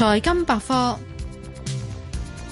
財金百科，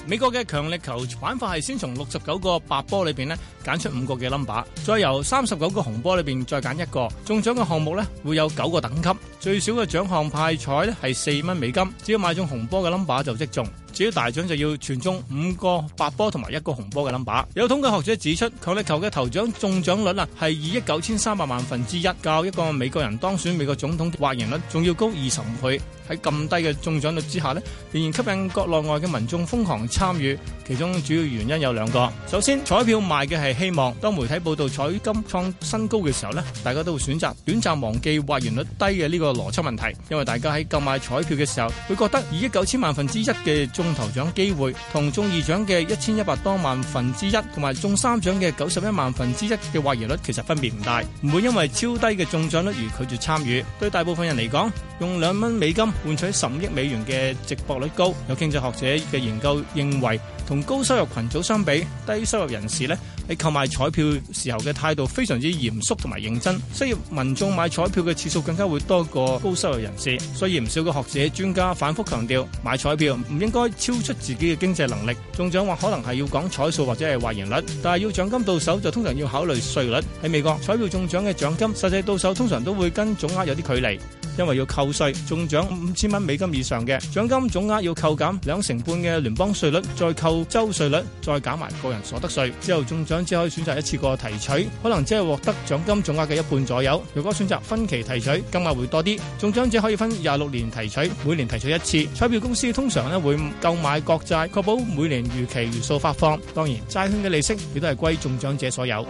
美國嘅強力球玩法係先從六十九個白波裏邊咧揀出五個嘅 number，再由三十九個紅波裏邊再揀一個，中獎嘅項目咧會有九個等級，最少嘅獎項派彩咧係四蚊美金，只要買中紅波嘅 number 就即中。至於大獎就要全中五個白波同埋一個紅波嘅 number。有統計學者指出，強力球嘅頭獎中獎率啊係二億九千三百萬分之一，較一個美國人當選美國總統嘅或然率仲要高二十五倍。喺咁低嘅中獎率之下呢，仍然吸引國內外嘅民眾瘋狂參與。其中主要原因有兩個：首先，彩票賣嘅係希望。當媒體報道彩金創新高嘅時候呢，大家都會選擇短暫忘記或然率低嘅呢個邏輯問題，因為大家喺購買彩票嘅時候會覺得二億九千萬分之一嘅中中頭獎機會同中二獎嘅一千一百多萬分之一，同埋中三獎嘅九十一萬分之一嘅或然率，其實分別唔大，唔會因為超低嘅中獎率而拒絕參與。對大部分人嚟講，用兩蚊美金換取十五億美元嘅值搏率高，有經濟學者嘅研究認為，同高收入群組相比，低收入人士呢，喺購買彩票時候嘅態度非常之嚴肅同埋認真，失業民眾買彩票嘅次數更加會多過高收入人士。雖然唔少嘅學者專家反覆強調，買彩票唔應該超出自己嘅經濟能力。中獎話可能係要講彩數或者係或然率，但係要獎金到手就通常要考慮稅率，喺美國，彩票中獎嘅獎金實際到手通常都會跟總額有啲距離。因為要扣稅，中獎五千蚊美金以上嘅獎金總額要扣減兩成半嘅聯邦稅率，再扣州稅率，再減埋個人所得稅。之後中獎只可以選擇一次過提取，可能只係獲得獎金總額嘅一半左右。如果選擇分期提取，金額會多啲。中獎者可以分廿六年提取，每年提取一次。彩票公司通常咧會購買國債，確保每年如期如數發放。當然，債券嘅利息亦都係歸中獎者所有。